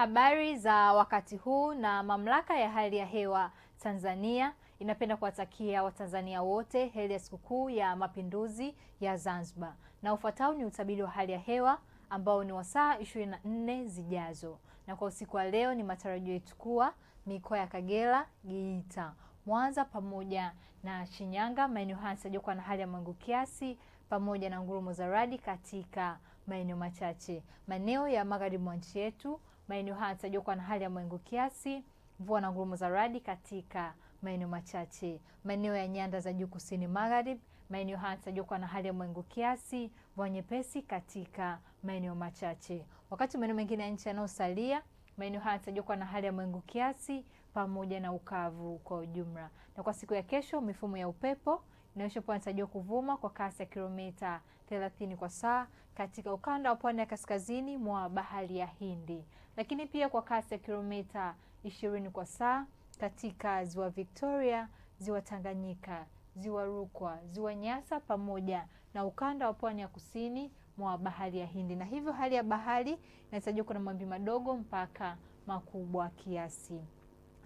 Habari za wakati huu na Mamlaka ya Hali ya Hewa Tanzania inapenda kuwatakia Watanzania wote heri ya sikukuu ya Mapinduzi ya Zanzibar. Na ufuatao ni utabiri wa hali ya hewa ambao ni wa saa 24 zijazo. Na kwa usiku wa leo ni matarajio yetu kuwa mikoa ya Kagera, Geita, Mwanza pamoja na Shinyanga, maeneo haya yatakuwa na hali ya mawingu kiasi pamoja na ngurumo za radi katika maeneo machache. Maeneo ya magharibi mwa nchi yetu Maeneo haya yanatarajiwa kuwa na hali ya mawingu kiasi, mvua na ngurumo za radi katika maeneo machache. Maeneo ya nyanda za juu kusini magharibi, maeneo haya yanatarajiwa kuwa na hali ya mawingu kiasi, mvua nyepesi katika maeneo machache, wakati maeneo mengine ya nchi yanayosalia Maeneo haya yatakuwa na hali ya mawingu kiasi pamoja na ukavu kwa ujumla. Na kwa siku ya kesho, mifumo ya upepo inaonyesha kuwa inatarajiwa kuvuma kwa kasi ya kilomita 30 kwa saa katika ukanda wa pwani ya kaskazini mwa bahari ya Hindi, lakini pia kwa kasi ya kilomita 20 kwa saa katika ziwa Victoria, ziwa Tanganyika, ziwa Rukwa, ziwa Nyasa pamoja na ukanda wa pwani ya kusini mwa bahari ya Hindi, na hivyo hali ya bahari inatajwa kuna mawimbi madogo mpaka makubwa kiasi.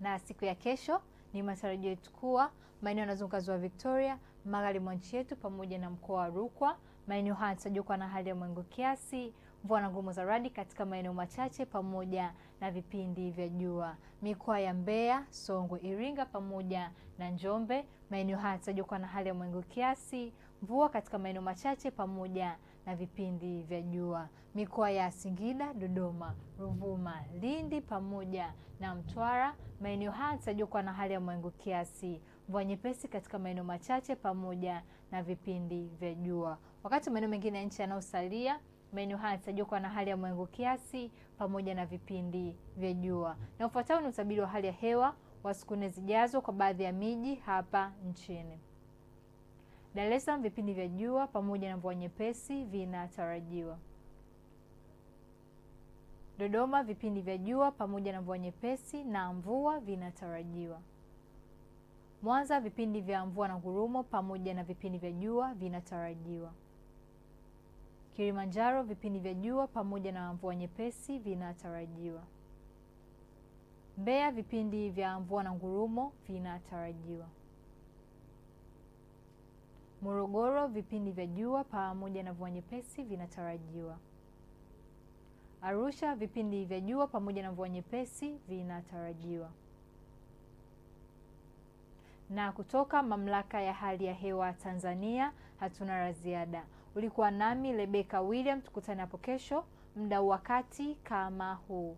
Na siku ya kesho ni matarajio yetu kuwa maeneo yanazunguka ziwa Victoria, magharibi mwa nchi yetu pamoja na mkoa wa Rukwa, maeneo haya yanatajwa kuwa na hali ya mawingu kiasi, mvua na ngurumo za radi katika maeneo machache pamoja na vipindi vya jua. Mikoa ya Mbeya, Songwe, Iringa pamoja na Njombe, maeneo haya yanatajwa kuwa na hali ya mawingu kiasi, mvua katika maeneo machache pamoja na vipindi vya jua. Mikoa ya Singida, Dodoma, Ruvuma, Lindi pamoja na Mtwara, maeneo haya yatatarajiwa kuwa na hali ya mawingu kiasi, mvua nyepesi katika maeneo machache pamoja na vipindi vya jua. Wakati maeneo mengine ya nchi yanayosalia maeneo haya yatatarajiwa kuwa na hali ya mawingu kiasi pamoja na vipindi vya jua. Na ufuatao ni utabiri wa hali ya hewa wa siku nne zijazo kwa baadhi ya miji hapa nchini. Dar es Salaam vipindi vya jua pamoja na mvua nyepesi vinatarajiwa. Dodoma vipindi vya jua pamoja na mvua nyepesi na mvua vinatarajiwa. Mwanza vipindi vya mvua na ngurumo pamoja na vipindi vya jua vinatarajiwa. Kilimanjaro vipindi vya jua pamoja na mvua nyepesi vinatarajiwa. Mbeya vipindi vya mvua na ngurumo vinatarajiwa. Morogoro vipindi vya jua pamoja na mvua nyepesi vinatarajiwa. Arusha vipindi vya jua pamoja na mvua nyepesi vinatarajiwa. Na kutoka Mamlaka ya Hali ya Hewa Tanzania hatuna la ziada. Ulikuwa nami Rebecca William, tukutane hapo kesho muda wakati kama huu.